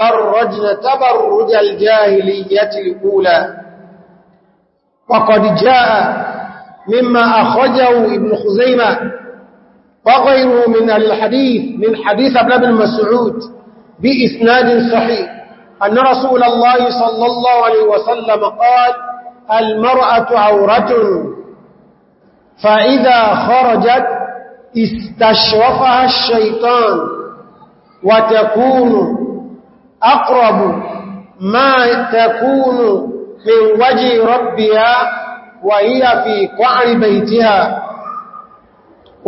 تبرجن تبرج الجاهلية الأولى وقد جاء مما أخرجه ابن خزيمة وغيره من الحديث من حديث ابن ابن مسعود بإسناد صحيح أن رسول الله صلى الله عليه وسلم قال المرأة عورة فإذا خرجت استشرفها الشيطان وتكون أقرب ما تكون من وجه ربها وهي في قعر بيتها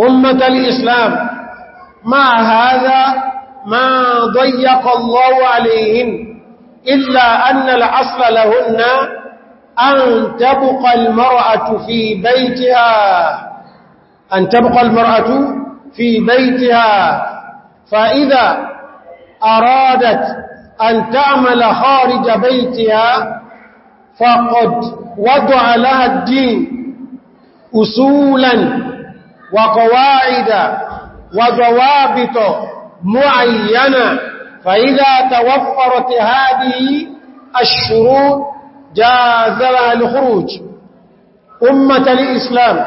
أمة الإسلام مع هذا ما ضيق الله عليهن إلا أن الأصل لهن أن تبقى المرأة في بيتها أن تبقى المرأة في بيتها فإذا أرادت أن تعمل خارج بيتها فقد وضع لها الدين أصولا وقواعد وضوابط معينة فإذا توفرت هذه الشروط جاز لها الخروج أمة الإسلام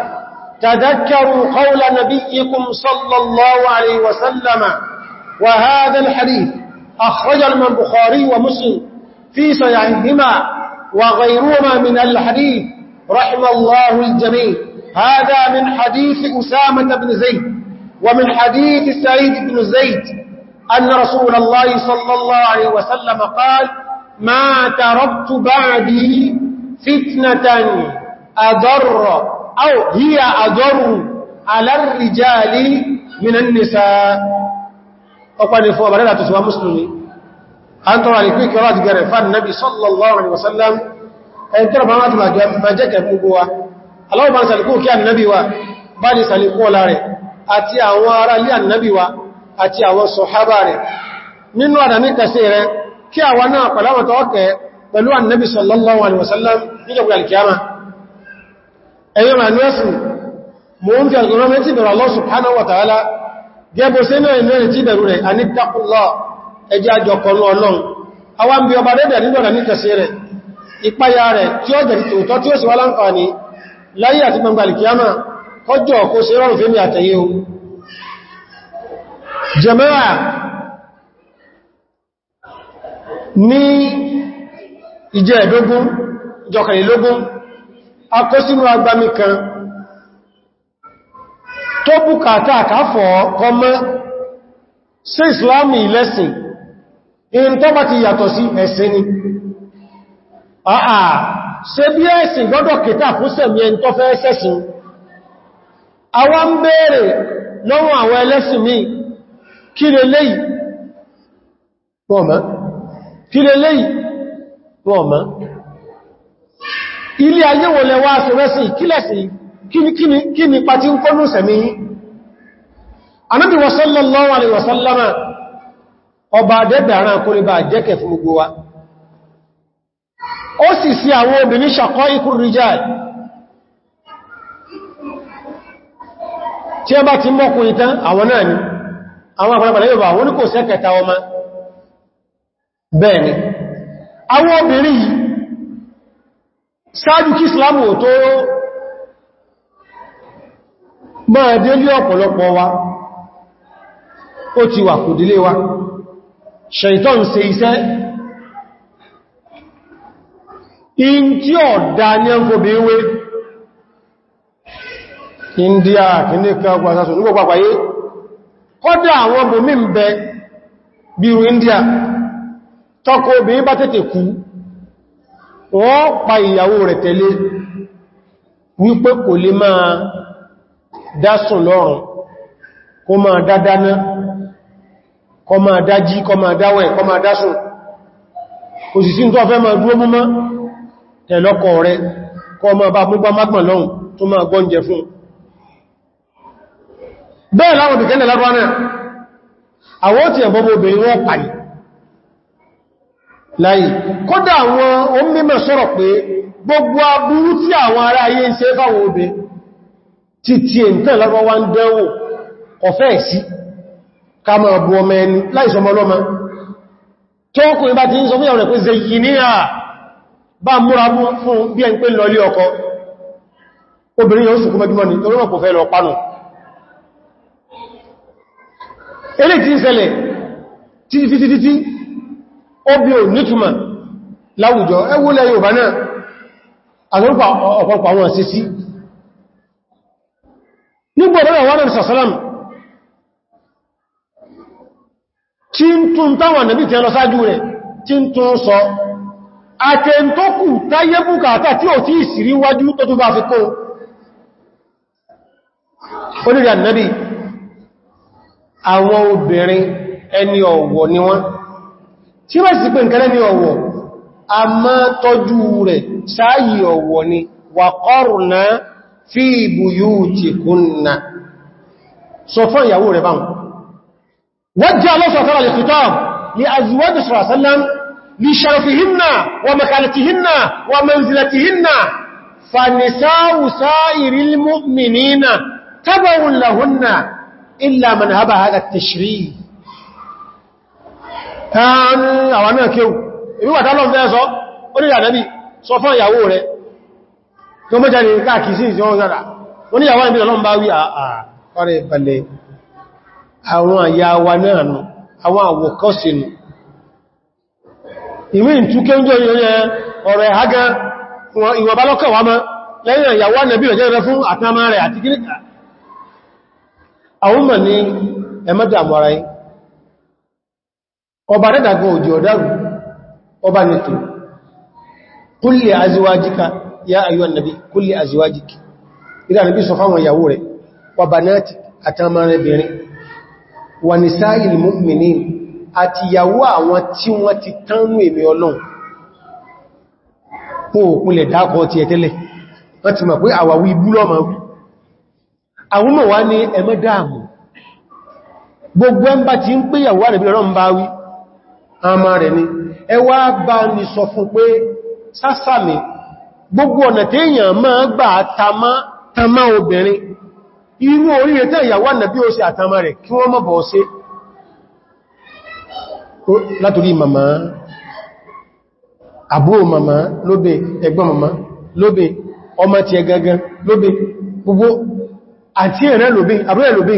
تذكروا قول نبيكم صلى الله عليه وسلم وهذا الحديث أخرج من البخاري ومسلم في سيعهما وغيرهما من الحديث رحم الله الجميع هذا من حديث أسامة بن زيد ومن حديث سعيد بن زيد أن رسول الله صلى الله عليه وسلم قال ما تربت بعدي فتنة أضر أو هي أضر على الرجال من النساء ọpá ní fún ọbàdẹ́lá tó sọ mùsùlùmí an tọ́wà ní pínkì ọlá ti gẹ̀rẹ̀ fàn nábi sallallahu alaihi wasallam ẹni tọ́rọ bá mátùmá jẹ́kẹ̀ gbogbo wa aláwọ̀ bá ní sàlìkú kí annabi wa bá ní sàlìkú ọlá rẹ̀ àti àwọn ará lé annabi wa àti àwọn sọ̀hábà rẹ̀ nínú àdàmí kẹsẹ̀ rẹ̀ kí àwọn náà pẹ̀láwọ̀tọ̀ ọkẹ̀ pẹ̀lú annabi sallallahu alaihi ẹ̀yọ́ ma ní ẹ̀sìn mò ń fi àgbọ̀rọ̀ mẹ́tì bẹ̀rẹ̀ Allah gẹ́bọ̀ sí náà ìrìnrìn tí bẹ̀rù rẹ̀ anítàkùnlọ́ ẹjẹ́ àjọkọ̀ọ́nù ọlọ́run àwọn bí ọba dẹ́dẹ̀ nígbọ̀nà nítẹ̀sí rẹ̀ ìpáyà rẹ̀ tí ó jẹ̀rì tí ó sì wá láyé tó bùkátà àkáfọ́ kọmọ́ sí ìsìláàmù ilẹ́sìn in tó bá ti yàtọ̀ sí ẹ̀sìn ni àà ṣe bí ẹ̀sìn gbọ́dọ̀ kìtà fún sẹ̀mí ẹni tó fẹ́ ṣẹ̀sìn àwọn ń béèrè lọ́wọ́ àwọn ẹlẹ́sìn mi kí lè léyìí kí lè léyìí ilé ayé kí ni pàtí ń kọ́nù sẹ̀mí yí anábi wa sallallahu alaihi wa sallama ọba dẹ́bẹ̀ ara kó lè bá jẹ́kẹ̀ fún gbogbo wa ó sì sí àwọn obìnrin ṣàkọ́ ikú rijal tí ẹ bá ti mọ́kù ìtán àwọn náà ni àwọn àpàlẹ̀pàlẹ̀ yóò bá wọ́n ní kò sẹ́kẹta ọmọ bẹ́ẹ̀ àwọn obìnrin yìí sáájú kí Islam tó máa dé lé ọ̀pọ̀lọpọ̀ wa ó ti wà kò dílé wa ṣẹ̀tọ́n ṣe iṣẹ́ in tí ó dá ní wé India kìíní kan pàtàkì ní nígbà pàpàyé kọ́dá àwọn bòmí ń bẹ bíru India tọ́kọ obìnrin bá tètè kú wọ́n pa ìyàwó rẹ̀ tẹ̀lé wípé kò lè máa dásùn lọ́rùn kó máa dádáná kó máa dájí kó máa dáwẹ̀ kó máa dásùn kò sì sí tó fẹ́ máa dúró múmá tẹ̀lọ́kọ̀ rẹ kó máa bá múgbá mágbà lọ́rùn tó máa gbọ́njẹ fún bẹ́ẹ̀ láwọn ìkẹ́lẹ̀ lábọ́ náà àwọn tí ẹ̀bọ́bọ̀ obìnrin wọ́n pàì láyé kódà àwọn onímọ̀ sọ̀rọ̀ pé gbogbo aburú tí àwọn ará ayé ń ṣe fáwọn obìnrin títí èntẹ́ lọ́rọ̀ wá ń dẹ́wò ọ̀fẹ́ sí ká máa bú ọmọ ẹni láìsọmọ ọlọ́mọ tó kùn ibá ti ń sọ fún ìyàwó rẹ̀ pé zèyí ní à bá múra fún bí ẹn pé lọ lé ọkọ obìnrin yóò sùkú mẹ́gbìmọ̀ ní torí ọkọ̀ fẹ́ lọ pánù eré tí ń ṣẹlẹ̀ títítítí obi ò nítumọ̀ láwùjọ ẹwú lẹ Yorùbá náà àtọ́rùpọ̀ ọ̀pọ̀pọ̀ àwọn àṣẹ́sí nígbò lọ́rọ̀ wọ́n rẹ̀ sàsálàm tí ń tún táwọn nàbí tí ẹlọ sáájú rẹ̀ tí ń tún sọ àtẹ́ntókù táyé bùkátà tí ò tí ìsìrí wájú tó tó bá fi kó onírí ànàbí àwọn obìnrin ẹni ọ̀wọ̀ ni wọ́n tí wọ́n sì pé nkẹ́lẹ́ ni ọ̀wọ̀ a máa tọ́jú rẹ̀ sáàyì ọ̀wọ̀ ni wàkọ́rùn-ún fi buyuti kunna sọ fún ìyàwó rẹ̀ báwọn wajja Allah ta'ala al-khitab li azwaj sallam li sharafihinna wa makalatihinna wa manzilatihinna fa nisa'u sa'iril mu'minina tabawun lahunna illa man haba hadha at-tashri' àwọn náà wa ìwọ̀ta lọ́fẹ́ so ya nabi sọ fún ìyàwó rẹ̀ tó mọ́ jáde káàkiri sí ìjọ ọ̀zára wọ́n ni àwọn ìbílọ̀ lọ́nà bá wí ààrẹ balẹ̀ àwọn àyà wa náà nù àwọn àwọ̀kọ́ sínú ìwé ìtúkẹ́ fún ọba rẹ̀dàgbọ́ ọba nìtò kúlẹ̀ azíwájíká ya ayyuhan nabi kulli azwajik ìdá nàbí sọ fáwọn ìyàwó rẹ̀ wa banati àtàmàrẹbìnrin wa nisa'il mu'minin àti ìyàwó àwọn tí wọ́n ti tánú èmì ọlọ́run kó òpinlẹ̀ dákọ̀ ti ẹ̀tẹ́lẹ̀ wọ́n ti mọ̀ pé àwàwí búlọ́mà ẹwà bá ní sọ fún pé sásàmì gbogbo ọ̀nà tí èyàn máa gbà tamá obìnrin irú oríire tẹ́ ìyàwó bí ó ṣe àtamá rẹ̀ kí wọ́n mọ́ bọ̀ ṣe látorí màmá àbúrò màmá lóbe ẹgbọ́n màmá lóbe ọmọ ti lóbe gbogbo àti ẹ̀rẹ́ lóbe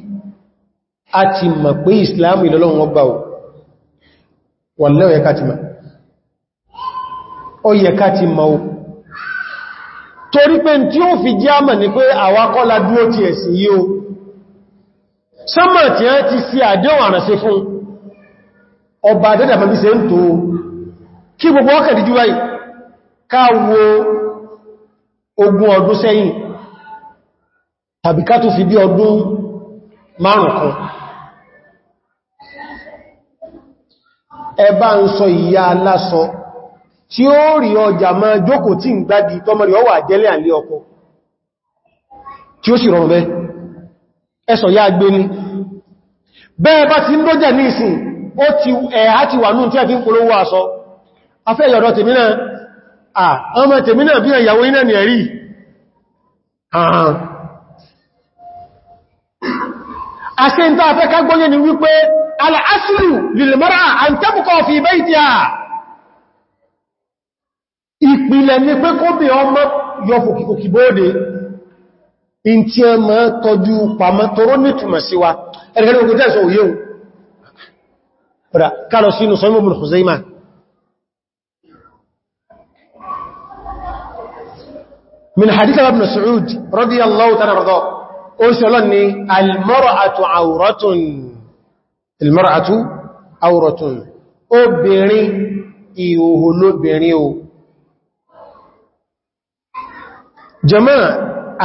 a ti mọ̀ pé ìsìláàmù ìlọ́lọ́run ọba ò wọ̀lẹ́ ó yẹ ká ti mọ̀ ó yẹ ká ti mọ̀ ò torí pé tí ó fi jẹ́ àmà ní pé àwákọ́lá dúró ti ẹ̀sìn yíó sọ́mọ̀ tí a ti sí àdéhùn àrànṣe fún ọba márùn-ún kan ẹbá ń sọ ìyá aláṣọ tí ó rí ọjà máa jókòó tí ń tọmọ tọ́mọ̀rí ọwà jẹ́lẹ̀ àlé ọkọ tí ó sì rọrùn bẹ́ ẹsọ̀ ya gbé ní bẹ́ẹ̀ bá ti ń lójà ní ìsìn ó ti ẹ̀há ti wà ní tí a fi ń polówó aṣọ afẹ́ ìyọ̀dọ̀ tèmínà ni الأسر للمرأة أن تبقى في بيتها إقبل نفق قد يومك يوفو كيكو كيبودي انتيا ما تدو فما تروني تما سوا ارغل وقد يسعو يو كانوا سينو صنو بن خزيمة من حديث ابن سعود رضي الله تعالى رضاه قلت الله أني المرأة عورة المرأة المرأة àwòrọ̀tún obìnrin ìhòhò lóbìnrin o jẹmọ́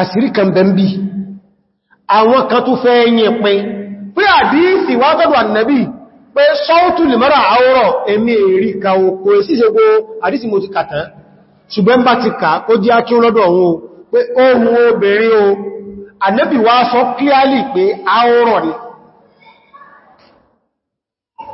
àsìrí kan bẹ̀m̀bí àwọn kan tó fẹ́ yẹn pin pé àdíìsì wá tọ́dọ̀ ànàbí pé sọ́ọ̀tù lèmọ́ra àwòrọ̀ èmi èrí ka okò síse gbó àdíìsì mo ti kàtán ṣùgbọ́n bá ti kà ó jẹ́ akí lọ́dọ̀ òun pé ohun obìnrin o ànàbí wá sọ kíálì pé àwòrọ̀ ni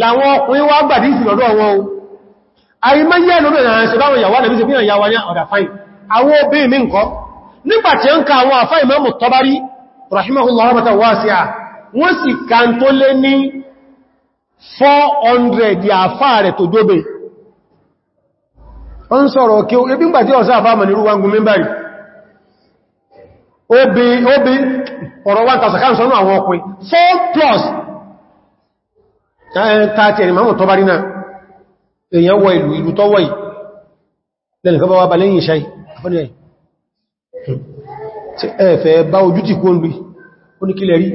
láwọn ọkùnrin wá gbàdí ìsìnlọ́dọ̀ wọn o àìmọ́yẹ́ lórí ìrìnà ṣe báwọn yàwó alẹ́bí sí fíyàn yàwó ní ọ̀dà fáìn àwọn obìnrin mi nǹkan nígbàtí ń ka àwọn àfá Ìmáàmù Tọ́bárì ọ̀rọ̀ 1000 sọ́nà àwọn ọkùnrin 4 plus tààtì ẹni máa mọ̀ tọ́ bá rí náà èèyàn wọ ìlú ìlú tọ́wọ́ yìí lẹ́nì kan bá wá bá lẹ́yìn iṣẹ́ àfọ́nà ẹ̀ tí ẹ̀fẹ́ bá ojú ti kó ń lú ó ní kílẹ̀ rí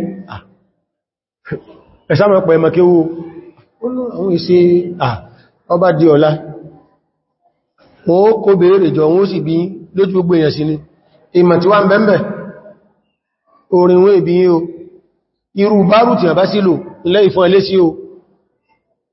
ẹ̀sàmọ̀ pẹ̀ mọ̀kéwó àwọn ìṣe ọba di ọ̀la wọ́n ó kó bèèrè jọ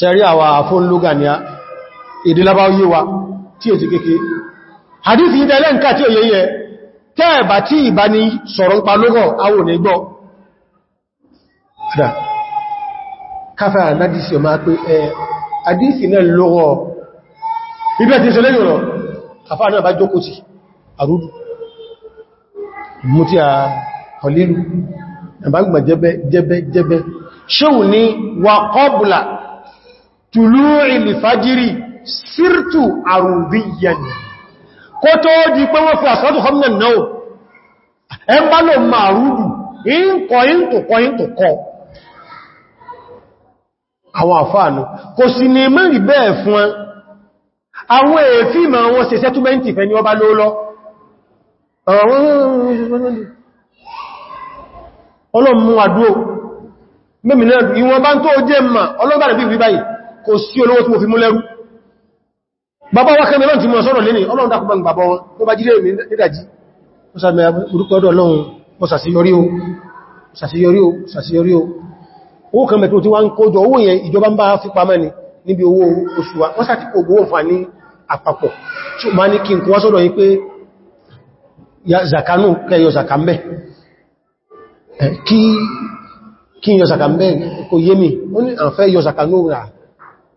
ṣẹ̀rí àwà fún lúgà ní ìdílábá yíwa tí è kéèké. hadithi yìí tẹ́lẹ̀ nǹkan tí ó yẹ́yẹ tẹ́ẹ̀bà tí ìbá ní sọ̀rọ̀ ń pa lọ́gọ̀ awò ní gbọ́ fìdá káfà nádìsí ọmọ pé ẹ àdìsí náà lọ́gọ̀ bíbẹ̀ ti sọlẹ́yìn rọ̀ káfà náà bá jókó ti àrúdù mú tí jẹ́bẹ́ jẹ́bẹ́ jẹ́bẹ́ ṣéhù ní wà kọ́bùlà tùlúrì lìfàjírí sírtù àrùbíyàn kó tó di pé wọ́n fi àsọ́dù hannun náà ẹ bá lọ máa rúrù ìǹkọ̀ ìǹtòkọ̀ ìǹtòkọ̀ àwọn àfáànù kò sì ní mẹ́rin bẹ́ẹ̀ fún àwọn èéfì ma wọn ṣe sẹ́túmẹ́ntì fẹ́ ni ọba ló lọ ọlọ́mú àdúró mẹ́mìnà ìwọ̀n bá ń tó jẹ́ mà ọlọ́gbà bí wí báyìí kò sí olówó tí mo fi mú lẹ́rú bàbá wa kẹ́mẹ́ lọ́n ti mọ̀ sọ́rọ̀ lẹ́ni ọlọ́run dákùnbà ń bàbá wọn tó bá jílé mi nídàjí ó sàmì orúkọ̀ọ́dọ̀ ni níbi owó oṣù wa wọ́n sàti kò gbówó fà ní àpapọ̀ tí ó bá ní kí n kó wá sọ́dọ̀ yí pé zakanu yọ zakambẹ́ kò yé mi ó ní àfẹ́ yọ zakanu rà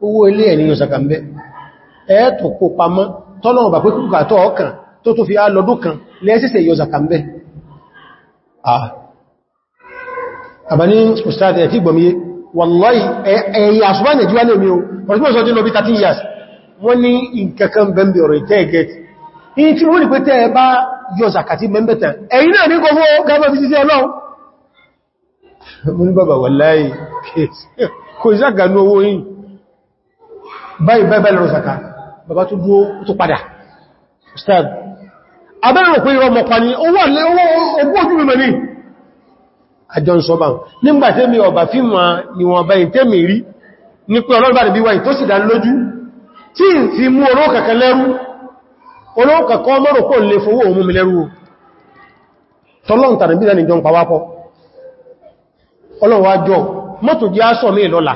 owó ilé ẹ̀ nínú sàkàmbẹ́ ẹ̀ẹ́tù kó pamọ́ tọ́lọ̀wọ̀n bà pé kúkà tó ọkàn tó tó fi á lọ́dún kan lẹ́ẹ́sẹ̀sẹ̀ yọ sàkàmbẹ́ àbáni ustad ẹ̀ tí gbọmíye wallahi ẹ̀yà àṣùgbà nàìjíríà lè mi o ọ̀rọ̀sùgbọ́n sọ́jú lọ bí 13 years wọ́n ní ìkẹ̀kẹ́ bẹ̀m̀bẹ̀ ọ̀rọ̀ ìtẹ́ ẹ̀gẹ́t in tí wọ́n ní pé tẹ́ kò ìṣàgànú owó yìí báyìí báyìí lọ zaka bàbá tó dúó tó padà ustad abẹ́rẹ̀ pé irọ́ mọ̀pá ní owó ojú mímọ̀ ní àjọn sọ́bà nígbàtí mi ọba fi ma ìwọ̀n báyìí tẹ́mì rí ní pé ọlọ́gbà rẹ̀ bí wáyìí tó sì dá lójú tí ń fi mú olókàkà lẹ́rú olókàkọ́ mọ́rò kò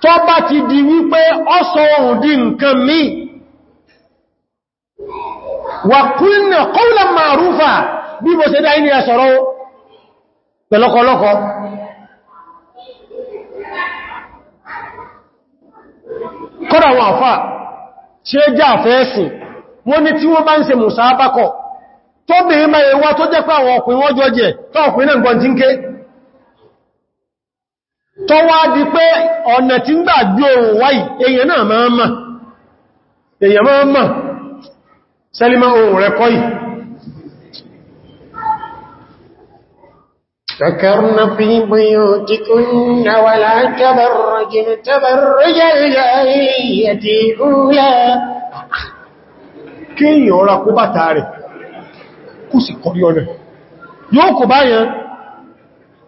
tó bá ti di wípé ọsọ ohun dị nǹkan mí wà kúnnà kọ́ùlà màrúfà bí mo ṣe dá inú ẹ̀sọ̀rọ̀ pẹ̀lọ́kọ̀lọ́kọ̀ kọ́dà wọn àfà tí ó já wọ́n tí wọ́n bá ń ṣe mùsàábákọ̀ tó bèé máa ẹwà tó jẹ́ pé tó wá di pé ọ̀nà tí ń gbà gbé ohun wáyì èyàn náà máa mọ̀ èyàn máa mọ̀ sẹ́límọ́ ohun rẹ̀ kọ́ yìí فكرنا في بيوتكن ولا تبرجن تبرج الجاهلية الأولى kí yóò rà kó bàtà rẹ̀ kú sì kọ̀rí ọ̀nà yóò kò báyàn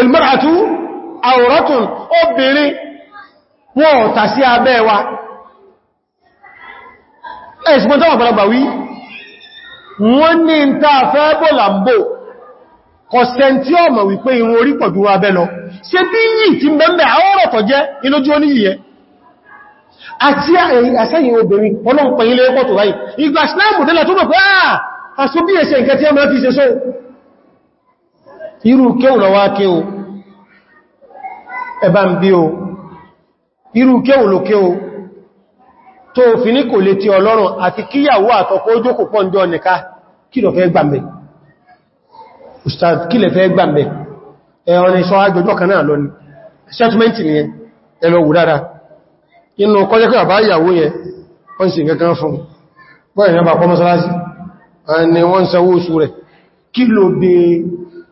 ìlmọ́ràtú àwòrọ́tún obìnrin wọn ọ̀tà sí abẹ́ wa ẹ̀sùn tó ọ̀pọ̀lọpàá wí wọ́n ní ń ta fẹ́ bọ́là ń bò kọ̀sẹ̀ tí ó mọ̀ wípé irun orí pọ̀jú abẹ́ lọ ṣe bí yìí ti mẹ́mẹ́ àwọ́rọ̀ tọ̀ jẹ́ inójú ó níyẹ àti àṣẹ́yìn obìnrin ọlọ́pẹ̀yìn lẹ́ẹ̀kọ́ tó ráyìí ìgbà Islam irú kéhù lọ wá kéhù ẹba ń bí o irú kéhù ló kéhù tó fi ní kò lè ti ọlọ́run àti kíyàwó àtọ́kọ́ ojókò pọ̀ ǹjọ́ nìká kí lọ fẹ́ gbàmbẹ̀ ustaz kí lẹ fẹ́ gbàmbẹ̀ ẹ̀ọ̀nà ìṣọ́ agbẹjọ́ kan náà lọ ni settlement ni ẹlọ wù dára inú kọjẹ́ kí àbá ìyàwó yẹ wọ́n sì kankan fún bọ́ẹ̀ ni wọ́n bá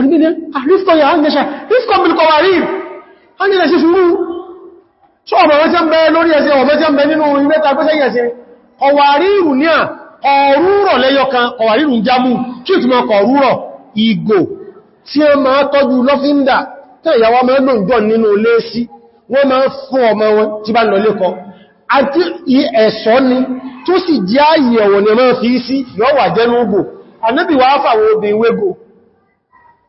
àgbẹ́gbẹ́ àrífọ́ ya ánjẹ́ṣà rífọ́ bí kọwà rí ánjẹ́ṣà sí ṣúrú ṣọ́ ọ̀bọ̀ wọ́n tẹ́ ń bẹ lórí ẹsẹ̀ ọ̀bọ̀ tẹ́ ń bẹ nínú ìmẹ́ta pẹ́sẹ̀ yẹ̀sẹ̀ kọwà rírù ní à ọ̀rúrọ̀ lẹ́yọkan kọwà rírù ń jámù kí ìtumọ̀ kọrúrọ̀ ìgò tí ó máa tọ́jú lọ́fíndà tẹ́ ìyàwó máa lò ń jọ nínú ilé sí wọ́n máa fún ọmọ wọn tí bá lọ lẹ́kọ́ àti ẹ̀ṣọ́ ni tó sì jẹ́ ààyè ni máa fi sí yọ́wà jẹ́ lóògbò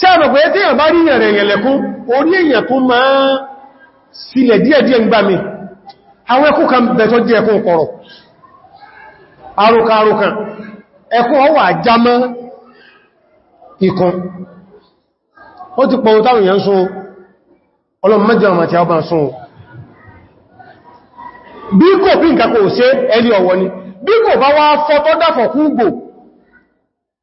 tí a mọ̀ pé tí bá rí ìyàn rẹ̀ èyàn orí èyàn tó máa sílẹ̀ díẹ̀díẹ̀ ń gbà mí àwọn ẹkún kan bẹ̀tọ́ jẹ́ ẹkún arókan arókan ọwà jámọ́ ikun ó ti pọ̀ táwọn èyàn sún a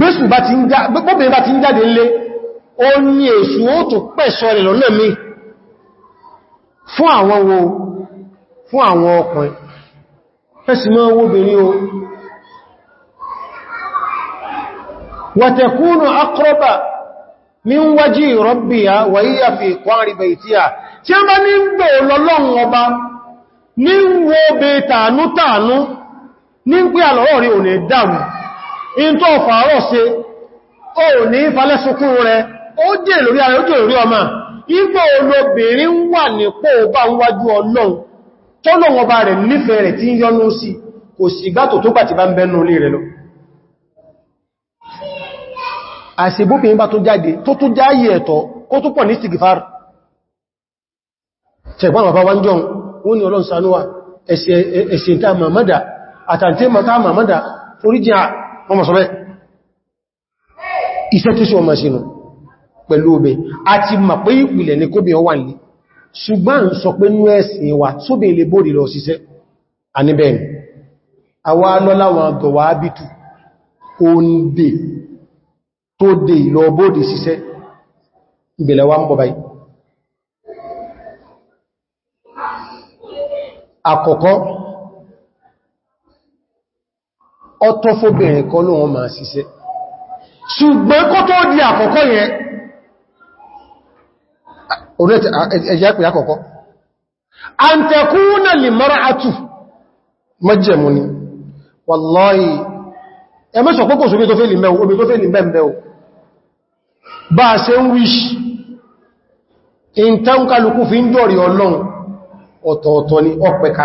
bẹ́sù bá ti ń já gbogbo ti ń jáde lé ní èṣù ó tó pẹ̀ṣọ́ rẹ̀ mi fún àwọn wo fún àwọn ọkùnrin ẹ̀sì mọ́ owó obìnrin o wàtẹ̀kúnù akọ́rọ́bà ní ń wájí wàíyà fi kwárí a ní ń ní ní dáàmù in tó fàárọ̀ se o ní falẹ́sùkún rẹ ó jẹ́ lórí ara ó jẹ́ lórí ọmọ ipò olóbìnrin wà nípò bá ń wájú ọlọ́run tọ́lọ́wọ́ bá rẹ̀ nífẹ̀ẹ́ rẹ̀ tí ń yọnú sí kò sì gbátò tó pàtí bá ń bẹ́nu rẹ̀ lọ eto wọ́n mọ̀ sọ bẹ́ iṣẹ́ tí ṣe ọmọ ṣínú pẹ̀lú obè àti mà pé ìpìlẹ̀ ní kóbi ọwà ní ṣùgbọ́n ń sọ pé ní ẹ̀sìn wà tóbi ilé bóòdì lọ síṣẹ́ àníbẹ̀ẹ̀ni àwa lọ́láwọn gọ̀wà ábìtù oúnjẹ tó dé ìlọ ọ̀tọ̀ fóbìnrin kan ló wọn máa ṣiṣẹ́ ṣùgbọ́n kó tó di àkọ́kọ́ yẹn orí ẹ̀jẹ́ pè àkọ́kọ́ àǹtẹ̀kúnà lè mara àtù mọ́jẹ̀mú ni wàláhì ẹmẹ́sọ̀ pọ́pọ̀ sórí tó fẹ́ lè mẹ́wọ́ omi tó fẹ́ lè mẹ́mẹ́ o bá a ṣe ń wíṣì in tánkálukú fi ń jọ̀rì ni ọ̀pẹ̀ka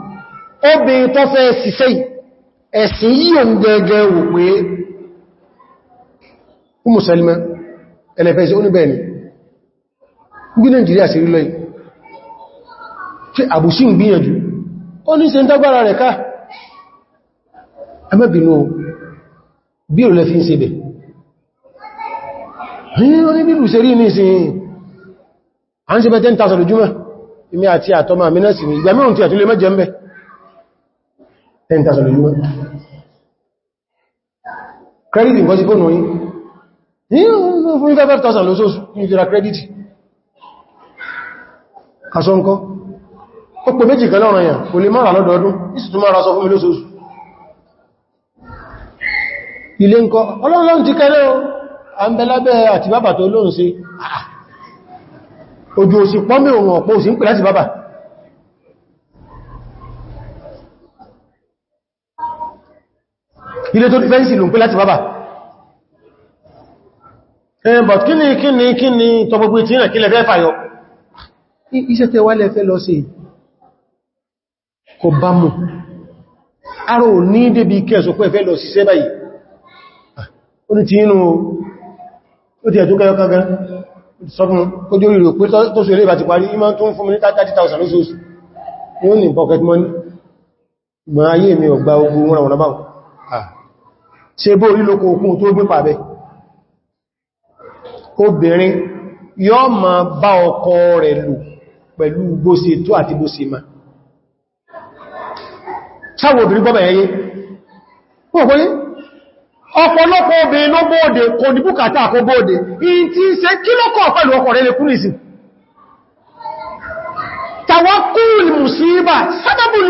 obìnrin tó fẹ́ ṣiṣẹ́ ẹ̀sìn yìí o ń gẹ́gẹ́ wò pé Umu Salima ẹlẹ́fẹ́sẹ̀ oníbẹ̀ẹ̀ni bí Nàìjíríà sí rílọ́ yìí tí àbùsí ń gbìyànjú ó ní ṣe ń dágbára rẹ̀ ká ẹmẹ́bìnú bí o lẹ́ fi ń ṣe bẹ̀ ìmẹ́ àti àtọ́mà mínẹ́sì 10,000 lójúmọ́ kírẹ́dìtì nǹkan sí fóònù yìí yíò fún 5,000 lóṣooṣù ní ìfira kírẹ́dìtì aṣọ nǹkan ó pè méjì kan lọ́rọ̀ yà kò lè mara lọ́dọọdún ìsìtú mara sọ fún mi lóṣooṣù ilé nǹkan ọlọ́run ti kẹ́lẹ́ o àmbẹ́lábẹ́ àti bàbà tó lóhun sí ojú òsì pọ́mí òun ọ̀pọ̀ òsì ń pè láti bàbà ilé tó fẹ́ǹsì ló ń pé láti bàbà but kí ni kí ni kí ni tọ gbogbo ìtì ìrìnà kí lẹ fẹ́ fàyọ iṣẹ́ tẹ wà lẹ fẹ́ lọ sí kò bá mú arò ní débi kẹsọ pé fẹ́ lọ sí sẹ́ báyìí ah, ó ní ti inú ó ti ẹ̀tún kẹyọ kankan sọ́fún kójú orí rò ayé mi ọ̀gbà ogun wọ́n àwọn ọ̀nà báwọn ṣe bó orílòkò okun tó gbé pàbẹ obìnrin yóò ma bá ọkọ rẹ̀ lò pẹ̀lú gbóse tó àti gbóse ma sáwọn obìnrin gbọ́bẹ̀ ẹyẹ pọ̀pọ̀lẹ́ ọ̀pọ̀lọpọ̀ obìnrin ló bóòdè kò ní bùkátà àkó bóòdè in ti ń ṣe kí lọ́kọ̀ pẹ̀lú ọkọ rẹ̀ lè kú nìsìn tàwọ́kùn mùsíbà sábàbùn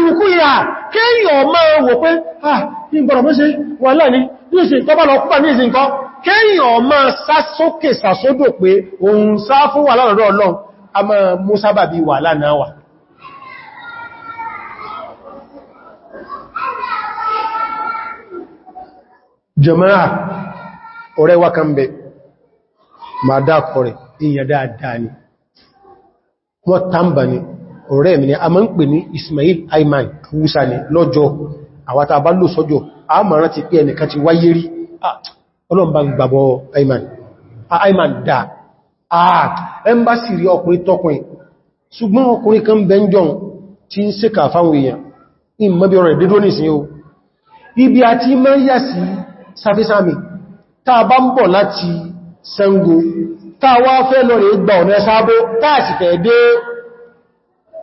kéèyàn máa wò pé ah ìgbọ̀rọ̀ mọ́ sí wà láì ní ìsìn tọ́bá lọ púpà ní ìsìn kan kéèyàn máa sásókè sàsódò pé òun sá fún wà lọ́rọ̀ ọlọ́run a máa mú sábàbí wà lánàá wà jama'a ọ̀rẹ́ ma dákọrẹ̀ ìyàn dáadáa wọ́n tàmbà ni ọ̀rẹ́ mi ni a máa ń pè ní Ismail Aiman Musa ni lọ́jọ́ àwátà bá lò sọ́jọ́ a máa rántí pé ẹnìkan ti wáyé rí ọlọ́mbà gbàbọ̀ Ayman Ayman dà ẹmbásì rí ọkùnrin tọkùnrin ṣùgbọ́n ọkùnrin kan bẹ́njọ́n tí ń ṣèkà fáwọn èèyàn ìmọ̀bí ọ̀rọ̀ ìdédó nìsìn o ibi àti máa yà sí sáfísàmì táa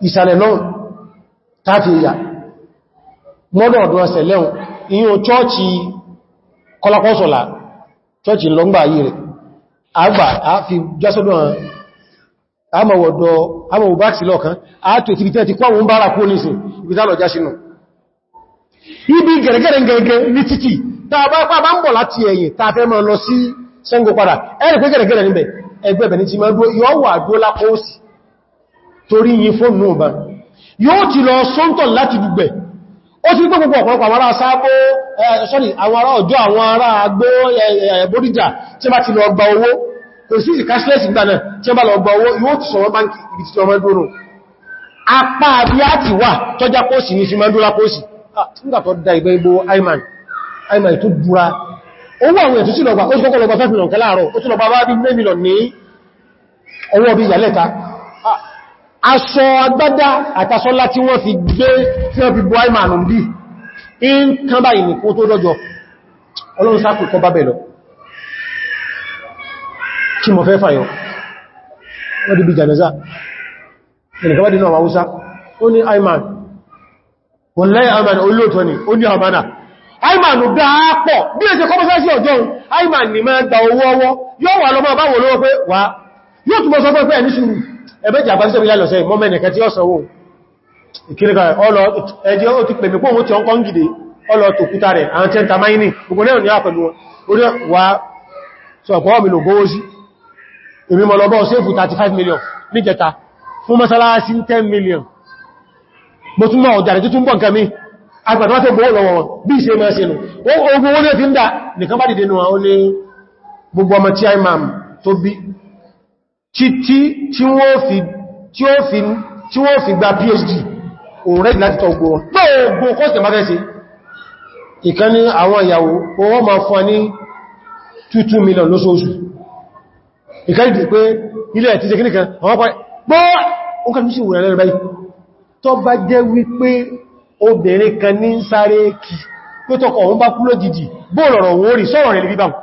ìsàlẹ̀ lọ́n tààfi ìyà mọ́dọ̀ ọ̀dọ̀ ọ̀sẹ̀ lẹ́un inú chọ́ọ̀chì kọlakọ́sọ̀lá chọ́ọ̀chì lọ́ngbà yìí rẹ̀ àgbà àfi jásọ́dọ̀ àmọ̀wọ̀dọ̀ àmọ̀wọ̀báksì lọ́kan àátò ìtìbí tẹ́ ti kọ́ àwọn bára kó nìsìn ibi tààlọ̀ ibi gẹ̀rẹ̀gẹ̀rẹ̀ gẹ̀rẹ̀ ní títì tàbá bá ń bọ̀ láti ẹ̀yìn tàfẹ́ mọ́ lọ sí Ṣàngó padà ẹ̀rẹ̀ pé gẹ̀rẹ̀gẹ̀rẹ̀ níbẹ̀ ẹgbẹ̀bẹ̀ ní máa dúó yọ́ wà dúó lápóòsì torí yí fóònù ọba yóò ti lọ sóńtọ̀ láti dùgbẹ̀ ó ti gbogbo ọ̀pọ̀lọpọ̀ àwọn ará sáàbó sorry àwọn ará ọjọ́ àwọn ará agbó ẹ̀bódìjà tí bá ti lọ gba owó kò sí ìkásílẹ̀sì gbànà tí bá lọ gba owó yóò ti sọ̀rọ̀ báńkì ibi ti aiman aiman tó dúra ah, owó àwọn ètò sí lọ́gbà ó sì kọ́kọ́ lọ́gbà 5 million kẹláàrọ̀ ó tún lọ́gbà ọwọ́ bí ìyàlẹ́ta ah, aṣọ agbádá àtàṣọ́lá tí wọ́n fi gbé tí wọ́n fi bú àìmà nù bí i ń kán báyìí ní kó tó dọ́jọ́ ọlọ́run sáàkù kọ bá bẹ̀lọ kí mọ̀ fẹ́ fàyọ wọ́n dìbí jàmẹ́zà ẹnìkàbádìí náà wáwúsá ó ní àìmà wọ́n lẹ́yìn ni ó ní àìmà ẹbẹ́jì àbáṣẹ́ ìlà lọ́sẹ̀ mọ́ mẹ́nìkẹ́ tí ó sọ wọ́n ìkìrìkà ọlọ ẹjẹ́ ó ti pèmí pọ́ ohun tí ó ń kọ́ ń gìdè ọlọ tòkúta rẹ̀ àwọn tẹ́ntà máìní gbogbo náà ní 35 million ní jẹta fún mọ́sálásí 10 million mo tún mọ́ ọ̀dàrẹ̀ tó tún bọ̀ nǹkan mi agbàtàwátẹ́ gbówó lọ́wọ́ wọn bí ìṣe máa ṣe nù ogun owó ní gbogbo ọmọ tí a imam tó bí títí tí wọ́n fi gba phd òun rẹ̀ láti tọ́ gbogbo gbogbo kọ́sì máa fẹ́sí ìkan ní àwọn ìyàwó owó ma fún ní 2 million lóṣooṣù ìkan ìdí pé ilẹ̀ ti ṣe kí nìkan àwọn pàá gbọ́ ó kàtún sí ìwòrán lẹ́rẹ̀ báyìí tó bá jẹ́ wípé obìnrin kan ní sáré kì pé tọ́kọ̀ òun bá kú lójijì bóòlọ̀rọ̀ wọ́n rí sọ́rọ̀ rẹ̀ lè bíbáwọ̀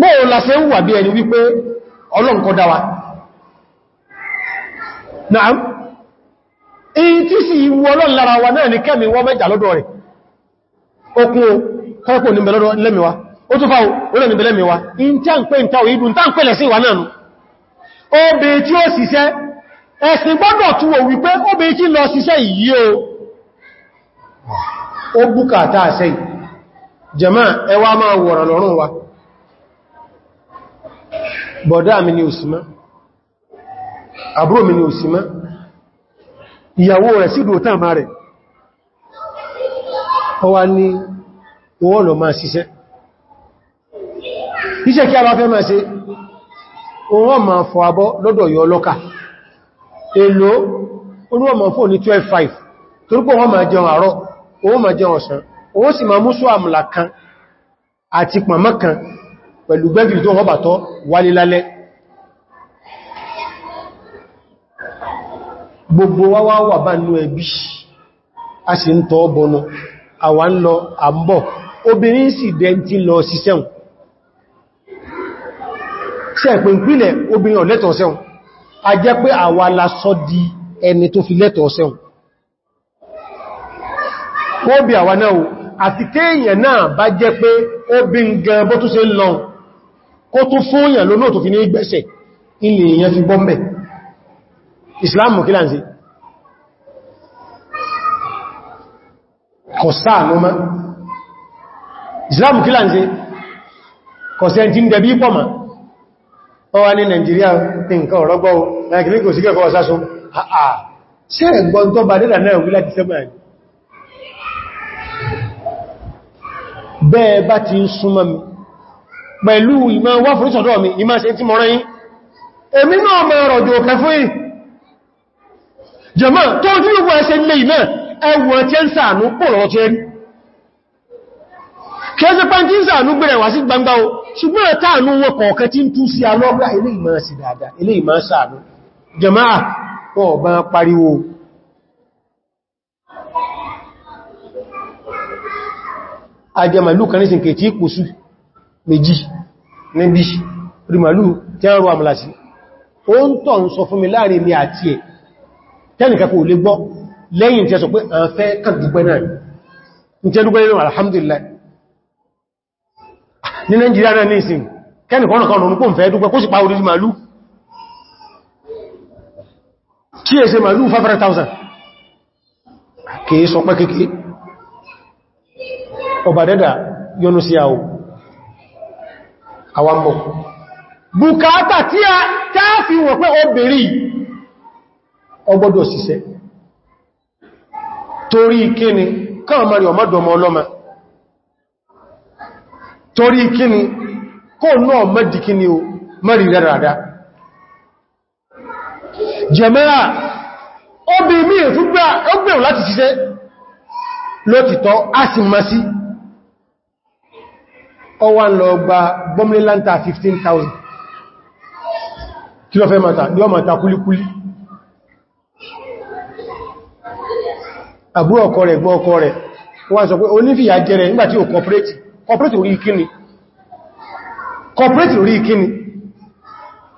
mọ́ la ṣe ń wà bí ẹni wípé ọlọ́nkọ́ náà in tí sì wa náà ní kẹ́mi wọ́n mẹ́jà lọ́dọ̀ rẹ̀ okun kọ́kọ́ ní bẹ̀lọ́dọ̀ ó tó fáwọ́ olè ní bẹ̀lẹ́miwa in tí a ń pè ń tàwọ̀ ìdùn tá ń pẹ̀lẹ̀ sí ìwà náà nù bọ̀dá mi ni òsìmá àbúrò mi ni òsìmá ìyàwó rẹ̀ sídò tààmà rẹ̀ ọ wá ní owó lọ máa ṣiṣẹ́ iṣẹ́ kí a bá fẹ́ máa ṣe wọ́n máa fọ abọ́ lọ́dọ̀ yọ ọlọ́kà èlò olúwọ́n máa fò ní 12.5 torípò wọ́n máa jẹun àárọ̀ owó máa jẹun ọ̀sán owó sì máa mú sọ àmùlà kan àti pàmọ́ kan pẹ̀lú gbẹ́gìrì tó rọ́bà tọ́ wálé lálẹ́ gbogbo wa wá wà bá nú ẹbí a sì ń tọ́ bọ̀nà àwa ń lọ àmbọ̀ obìnrin sì dẹ ti lọ síṣẹ́un sẹ́ẹ̀pẹ̀ ìpínlẹ̀ obìnrin ọ̀lẹ́tọ̀ sẹ́un a jẹ́ pé àwa la di ẹni tó fi lẹ́tọ̀ sẹ́un ó bí náà àti téèyàn náà bá jẹ́ pé ó gan bó tún ṣe ń lọ́un kó tó fún yàn lónà tó fi ní gbẹ́sẹ̀ ilé èèyàn fi bọ́m̀bẹ̀ islamu kí láǹsí kọ̀sá ló má islamu kí láǹsí kọ̀sẹ̀ tí ń dẹ̀bí pọ̀ ma wọ́n wá ní Nàìjíríà nǹkan ọ̀rọ̀gbọ́ ẹgbẹ̀rẹ̀ kò sí kẹ́kọ̀ọ́ sáso ṣe ẹ̀gbọ́n tó bá dédà náà wí láti bẹ́ẹ̀ bá ti ń súnmọ́ mi pẹ̀lú ìmọ̀ wá fún ìṣọ̀dọ̀ mi ìmọ̀ ṣe tí mọ́rán yìí èmi náà mọ̀ rọ̀jò kẹfún yìí jẹ̀mọ́ tó jú ìwọ̀ ẹsẹ̀ ilé ìmọ̀ ẹwọ̀n tí ń sàánú pòrọ̀ tí ẹn kẹsẹ̀ pẹ́ tí ń sàánú gbẹ̀rẹ̀ wá sí gbangba o ṣùgbọ́n táànú wọ kọ̀ọ̀kẹ́ tí ń tú sí alọ́gbà ilé ah, ìmọ̀ sí dáadáa ilé ìmọ̀ sàánú jẹ̀mọ́ ah, wọn bá pariwo ajẹmọ̀lú kan ní sin kètí kùsù méjì níbi rímàlú tí a ń rọ àmàlàsí ó ń tọ́ ń sọ fún mi láàrin mi àti ẹ̀ tẹ́nìkàkò lè gbọ́ lẹ́yìn tí a sọ pé a fẹ́ kàn dúpẹ́ náà ní tẹ́ dúpẹ́ nínú alhamdulillah ní Nàìjíríà náà ní ìsìn kẹ́nìkan kan rọrùn pòun fẹ́ dúpẹ́ kó sì pa orí màálù kí èsẹ màálù kìí sọ pẹ́ kéèkéé ọba dẹ́dà yọnu sí àwọ̀ àwàmọ̀ bùkátà tí a káàfì wọ̀n pé obìnrin ọgbọ́dọ̀ ṣiṣẹ́ torí kíni káà mari ọmọdọ̀mọ ọlọ́mà torí kíni kó náà mẹ́dì kíni o mẹ́rì rẹ̀rẹ̀rẹ̀ jẹ̀mẹ́ra obìnrin mí ètúgbà ọgbẹ̀rún láti ṣiṣẹ́ lótìtọ́ a sì máa sí ọwà ń lọ gba bọ́mìlélàntà 15,000 kí lọ fẹ́ mata yọ mata kúlíkúlí àbúrò ọkọ rẹ̀ gbọ́ ọkọ rẹ̀ wọ́n sọ pé onífìyà jẹrẹ nígbàtí ò kọpírẹ́tì kọpírẹ́tì orí kíni kọpírẹ́tì orí kíni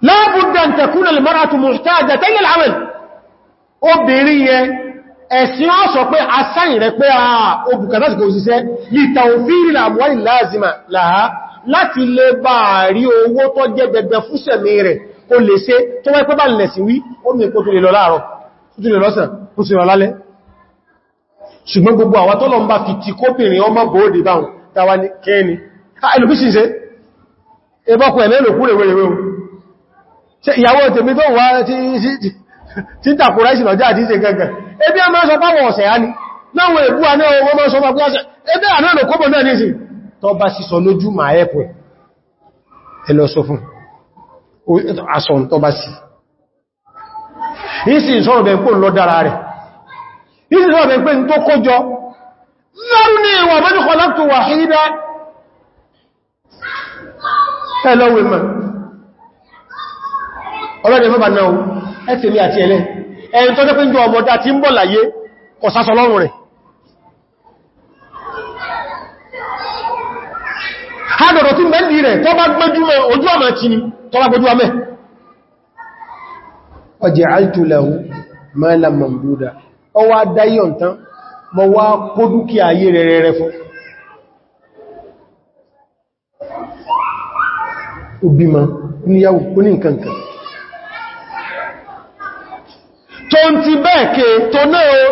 láàbùdàn tẹ̀kúnlẹ̀ ẹ̀sìn ó sọ pé asáyìn rẹ̀ pé àà ah, òbùkàtà sí kò síṣẹ́ lè tàòfíìrì làbúwárì láàzìmà láàá láti lè bá rí owó tó jẹ́ gbẹgbẹ fúsẹ̀mí rẹ̀ kò lè ṣe tó wáyé pẹ́ bá lè sí wí ó mẹ́ kó tó lè lọ láàárọ̀ tó tó lè lọ́sàn tó sì lọ lálẹ́ ṣùgbọ́n gbogbo àwọn tó lọ títà kò ráìsì lọ jáà tí ṣe gẹ́gẹ́ ẹbí a máa sọ páwọn ọ̀sẹ̀ á ní láwọn èbú àná owó máa sọ pápá pẹ́sẹ̀ ẹbí àná lò kóbò náà ní sí tọ́ bá sí sọ lójú ma ẹ́pọ̀ ẹ lọ sọ fún asọ̀n tọ́ bá sí ìsìn sọ̀rọ̀ bẹ̀ ń pò lọ dára rẹ̀ ìsìn sọ̀rọ̀ bẹ̀ ń pè ń tó kójọ lọ́rún ní ìwà mẹ́rin kọlọ́pù wà hídá ẹfẹ̀mí àti ẹlẹ́ ẹ̀yìn tó tẹ́pẹ́ ń jọ ọmọdá tí ń bọ̀ láyé kò sásọ lọ́rùn rẹ̀ hádọ̀rọ̀ tí mẹ́ndì rẹ̀ tó bá gbẹ́júmọ̀ ojú ọmọ ti ni tó bá gbẹ́jú amẹ́ ọjẹ́ altùlẹ̀hù mẹ́lá mọ̀mọ̀dá ọ wá dáyọ̀ tán kan ohun ti bẹ́ẹ̀kẹ́ tó náà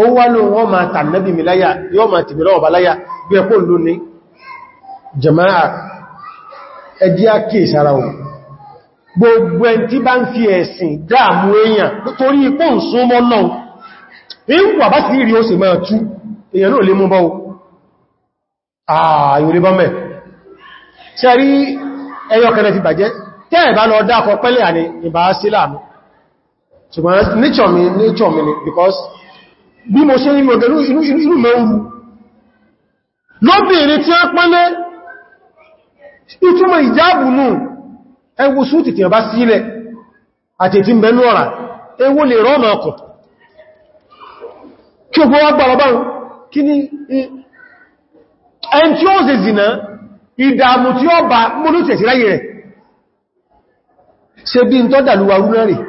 ó wá ló wọ́n máa tàbí mi láyá yóò máa tìbìrọ̀ ọba láyá bí ẹ̀pọ̀ ló ní jẹ̀máà ẹjí ákè ìsára ò gbogbo ẹn tí bá ń fi ẹ̀sìn dáàmú èèyàn torí ipò ń sún mọ́ náà ìwà bá sì rí ó sì máa tú èèyàn náà lè mú bọ́ ààyò lè bọ́ mẹ́ ṣe ẹyọ kẹrẹ ti bàjẹ́ tẹ́ẹ̀ bá lọ dákọ pẹ́lẹ̀ àní ìbá sílàmù ṣùgbọ́n nature mi nature mi ni because bí mo ṣe nínú ọ̀gẹ̀rú inú mẹ́rù lóbìnrin tí a pánlẹ̀ ìtumọ̀ ìjáàbù nù ẹwọ sútì tí a bá sílẹ̀ àti ètí mẹ́lú ọ̀rà ewó lè rọ́nà ọkọ̀ kí o gbọ́wọ́ gbà ọba kí ni ẹn tí ó ṣe zìnà ìdààmú tí ó bá mọ́lú tẹ̀síráyẹ̀ rẹ̀ ṣe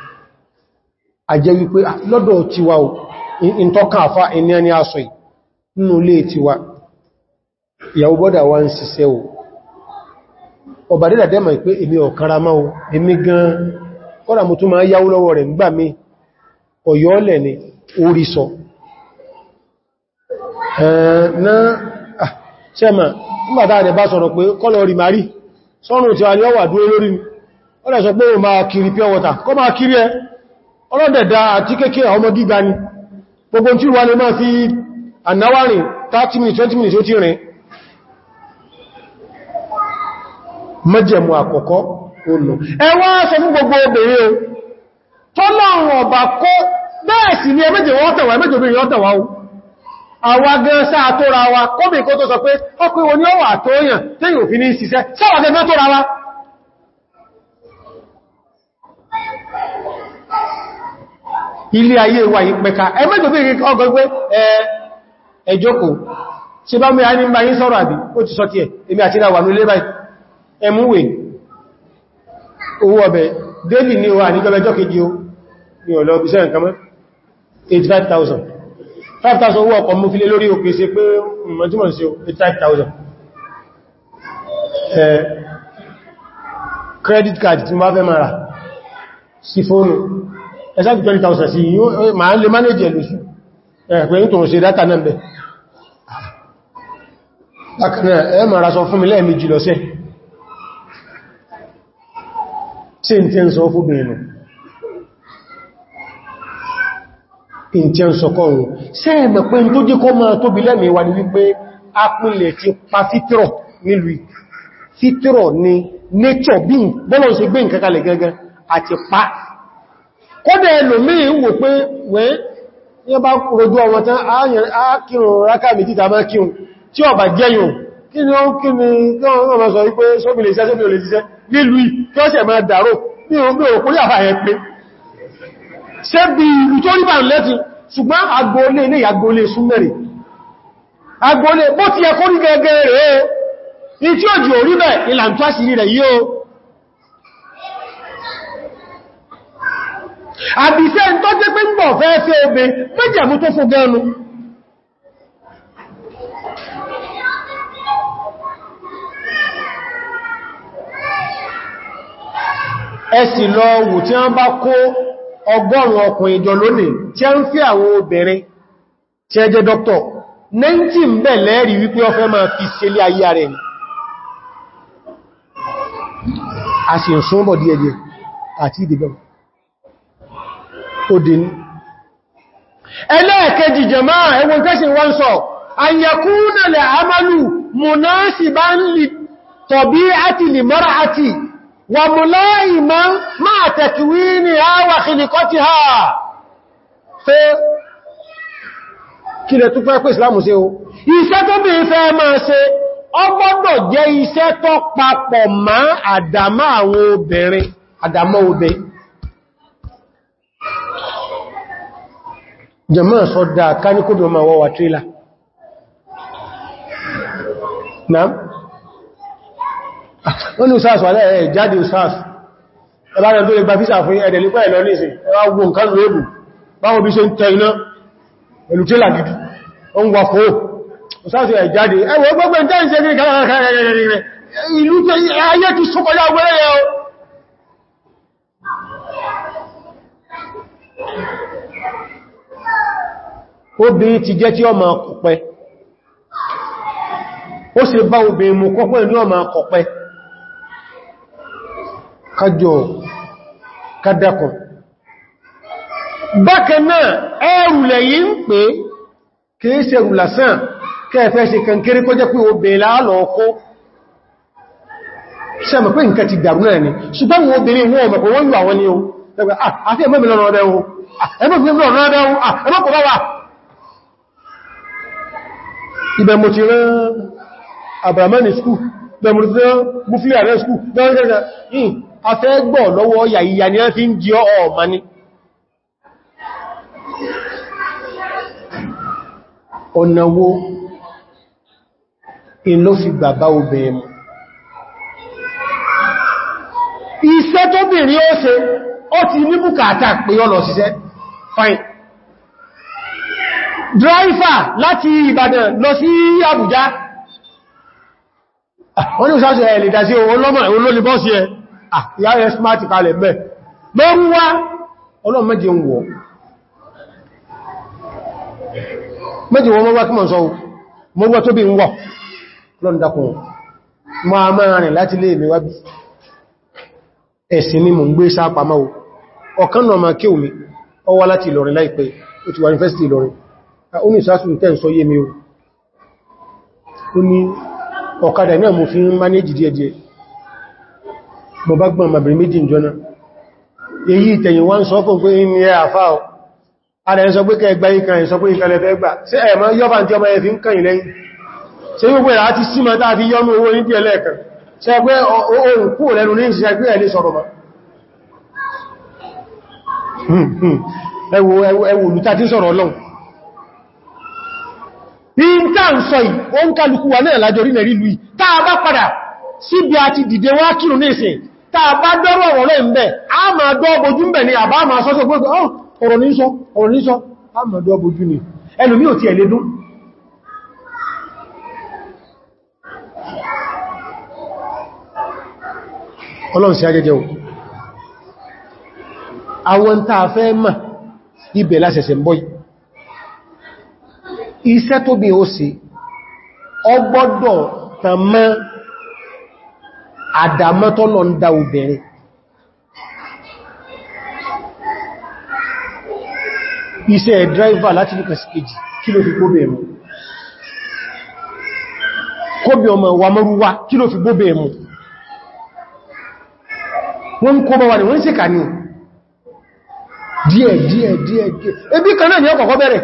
a jẹ́ wípé ah, lọ́dọ̀ tiwa o in tọ́ka àfá iní asọ aṣọ nínú ilé tiwa ìyàwó bọ́dà wa ń ṣiṣẹ́ o ọba dẹ́mà pé èmi ọ̀karama o èmi gan kọ́dà mo tún máa yáwó lọ́wọ́ rẹ̀ mi ni orí sọ ah, ọ̀rẹ́ sọ pé o máa kiri pure water kọ́ máa kiri ẹ ọlọ́dẹ̀dá àti keke ọmọ gíga ni gbogbo tí wà lè máa fi ànáwárin 30 minutes 20 minutes ó ti rìn mẹ́jẹ̀mù àkọ́kọ́ olù a sọ fún gbogbo obìnrin o tó lọ́rùn kó bẹ́ẹ̀ sì ni ẹmẹ́jẹ̀ tẹ̀wà o wa sọ ilé ayé wà yí pẹ̀ka ẹmẹ́jọ bí i ọgọ́ pé ẹjọ́kò ṣe bá mẹ́ àní báyí sọ́rọ̀ àbí ó ti sọ tí ẹ̀ èmi àti ìdáwà ní lébàí ẹmúwè owó ọbẹ̀ délì ní wà níjọba ẹjọ́ kejì ó ní ọ̀lọ́ bí sẹ́yìn credit card tí wọ́n fẹ́ mara sí fóònù ẹ̀sàkì 20,000 sí ma ń lè manage ẹ̀lòsù ẹ̀pẹ̀ ní tòun ṣe dátà náà bẹ̀ akẹ́rẹ̀ ẹ ma ra sọ fún mi lẹ́ẹ̀mejì lọ́sẹ̀ tí n tí ń sọ fún bèèrè in tí ń sọ kọrùn ṣe ẹ̀mẹ̀ pé tó jí kọ́ máa tóbi lẹ́mìí wa ni wípé apínlẹ̀ ti pa fítírọ̀ nílùú pa kódà ẹlòmíì ń wò pé wẹ́ ní ọba rojú ọmọ tán ákírùn rákà méjì tàbá kírùn tí ọba jẹyùn kí ni ó kí ni ọmọ sọ wípé sóbìlì iṣẹ́ sóbìlì iṣẹ́ nílùú kí ó sẹ̀ máa dàrò ní orí òkúrí àfà ẹ̀ pé ṣe bí ìlú tó rí bà ń lẹ́tí ṣùgbọ́n agbóolé ní agbóolé súnmẹ́rẹ̀ agbóolé bó ti ẹkọ́ rí gẹ́gẹ́ rẹ̀ àbíṣẹ́ ń tọ́jẹ́ pé ń bọ̀ fẹ́ fẹ́ tó fún gẹ́nu ẹ̀sì lọ wù tí wọ́n bá kó ọgọ́rùn ọkùnrin ìjọ lónìí tí àwọn obìnrin tí 19 wípé fẹ́ fi sílé ayé rẹ̀ odin ẹlẹ́ẹ̀kejì jẹmá ẹwọ́n tẹ́sì wọ́n sọ àyẹkúnlẹ̀ àmàlù munasiban li tabi'ati li mar'ati wa mulaiman ma'a takwiniha wa khilqatiha fẹ́ kílẹ̀ tó fẹ́ pé ìsìlámù sí o iṣẹ́ tó bí ṣe jẹ́ iṣẹ́ tó papọ̀ jẹmọ́ sọ́dá káníkóbí ọmọ wọ́wà trílà náà wọ́n ni usas wà lẹ́ẹ̀ jáde usas ẹbára tó lè gba físà fún ẹ̀dẹ̀ nípa ẹ̀lọ ní ìsìn ẹwà ogun nǹkan lóòbù báwo bí ṣe ń tẹ iná pẹ̀lú trílà gidi ó ń wà fó usas ẹ̀ jáde ẹwọ gbogbo ìtẹ́ ìṣẹ́ obìnrin ti jẹ́ tí ọmọ akọ̀pẹ́ ó sì bá obìnrin mú kọ́pẹ́ ní ọmọ akọ̀pẹ́ kájọ kádàkọ̀ bákan náà ẹrù lẹ́yìn ń pé kìí ṣe rù lásán kẹfẹ́ ṣe kankiri kó jẹ́ pé obìnrin láàlọ́ ọkọ́ sẹ́mọ̀ pé nǹkan ti dàrú náà ni ṣùgbọ́n wọn obìnrin wọn ọmọ wọ́n yíò àwọn ní o ah, àti ẹmọ́ mi lọ́rọ̀ ọdẹ́ o ah, ẹmọ́ mi lọ́rọ̀ ọdẹ́ o ẹmọ́ kò bá wà ibẹ̀ mo ti rán abramani skú ibẹ̀ mo ti rán muflia rẹ̀ skú gbọ́nrẹ̀gbẹ̀ yìí a fẹ́ gbọ́ lọ́wọ́ ọ̀yà ìyà ni a fi ń jí ọmọ ni ọ̀nà wo in ló fi bàbá obìnrin mu iṣẹ́ tó bìnrin ó ṣe ó ti ní bùkátà pé ó lọ ṣiṣẹ́ fine dráìfà láti Ìbàdàn lọ sí Àbújá wọ́n ni òṣàṣẹ́ ẹ̀ lè dá sí olómọ̀ olóní bọ́ọ̀sì ẹ̀ ìyá rẹ̀ smart kalẹ̀ mẹ́ lọ́rún wá ọlọ́run méje ń wọ̀ méje wọ́n mọ́gbá kí mọ̀ sọ mọ́gbá tó ni mò ń gbé sápamọ́ ọ̀kan náà máa kí omi ọwá láti Ìlọrin láìpẹ́ ó ti Ìlọrin omi ah, ìsásùn tẹ́ ń sọ yé mi o ó ní ọ̀kadà náà mo fi ń manéjì díẹ̀díẹ̀ mo bá gbọ́n màbìnrin méjì ìjọna èyí ìtẹ̀yìn wá ń sọ fún pé ní àfá ọ ara ẹ̀sọ pé kẹgbà ikan ẹ̀sọ pé ìkan lẹ́fẹ́ gbà sí ẹ̀mọ́ yọ́bà tí ọmọ ẹ̀fí ń ti hmm, hmm. sọ̀rọ̀ ọlọ́run ìntà ń sọ yìí o ń kálukú wà náà lájọ orílẹ̀ ìlú yìí táa bá padà síbi àti dìde wá kírù ní ìsìn táa bá dọ́rọ̀ ọ̀rọ̀ lẹ́ ìbẹ̀ a máa dọ́ bojú mẹ́ ni àbá máa sọ́sọ́ gbogbo ah, ọ̀rọ̀ ní sọ ọ̀rọ̀ ní sọ a máa dọ́ bojú o àwọn táa fẹ́ mà ibẹ̀ lásẹ̀sẹ̀ ń bọ́ yìí iṣẹ́ tó bí ó sì ọgbọ́dọ̀ tàmá àdámọ́tọ́ lọ ń dá obìnrin iṣẹ́ dráìvà láti lùkà sí kejì kí ló fi gbóbe mú kóbi ọmọ wa mọ́rúwá kí ló fi gbóbe mú wọ́n kó bá wà ní wọ́n sì kà ní díẹ̀ díẹ̀ díẹ̀ díẹ̀ ebí kan náà ni ọkọ̀kọ́ bẹ̀rẹ̀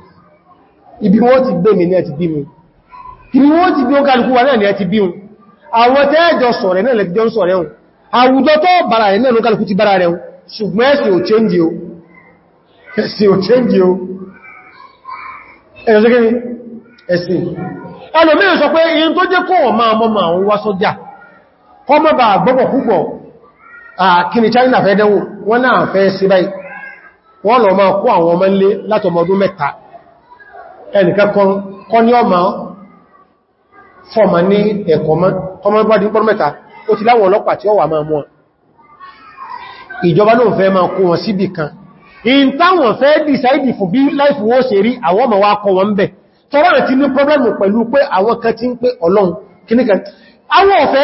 ibi wọ́n ti gbé mi ní ẹ̀tì bí mi ibi wọ́n ti bí ó kálukú wa náà ní ẹ̀tì bí un àwọn tẹ́ẹ̀jọ sọ̀rẹ̀ náà lẹ́tìjọ ń sọ̀rẹ̀ un àwùjọ tó bára rẹ̀ náà ló kálukú ti bára rẹ̀ un ṣùgbọ́n ẹ̀sìn ò change o ẹ̀sìn ò change o ẹ̀sìn ẹlòmíràn sọ pé wọ́n náà fẹ́ sí báyìí wọ́n lọ máa kó àwọn ọmọ nlé látọmọdún mẹ́ta ẹnìkan kọ́ ní ọmọ fọ́mà ní ẹ̀kọ́ mọ́ ọmọdé pọ́n mẹ́ta ó ti láwọn ọlọ́pàá tí ó wà máa mú wọn ìjọba náà fẹ́ máa kó wọn síbì kan in táwọn fẹ́ dìsáìdì fún bí láìfù ó ṣe rí àwọn ọmọ wa kọ wọn bẹ̀ tọ́rọ àti ní pọ́blẹ̀mù pẹ̀lú pé àwọn kan ti ń pé ọlọ́run kíníkan àwọn ọ̀fẹ́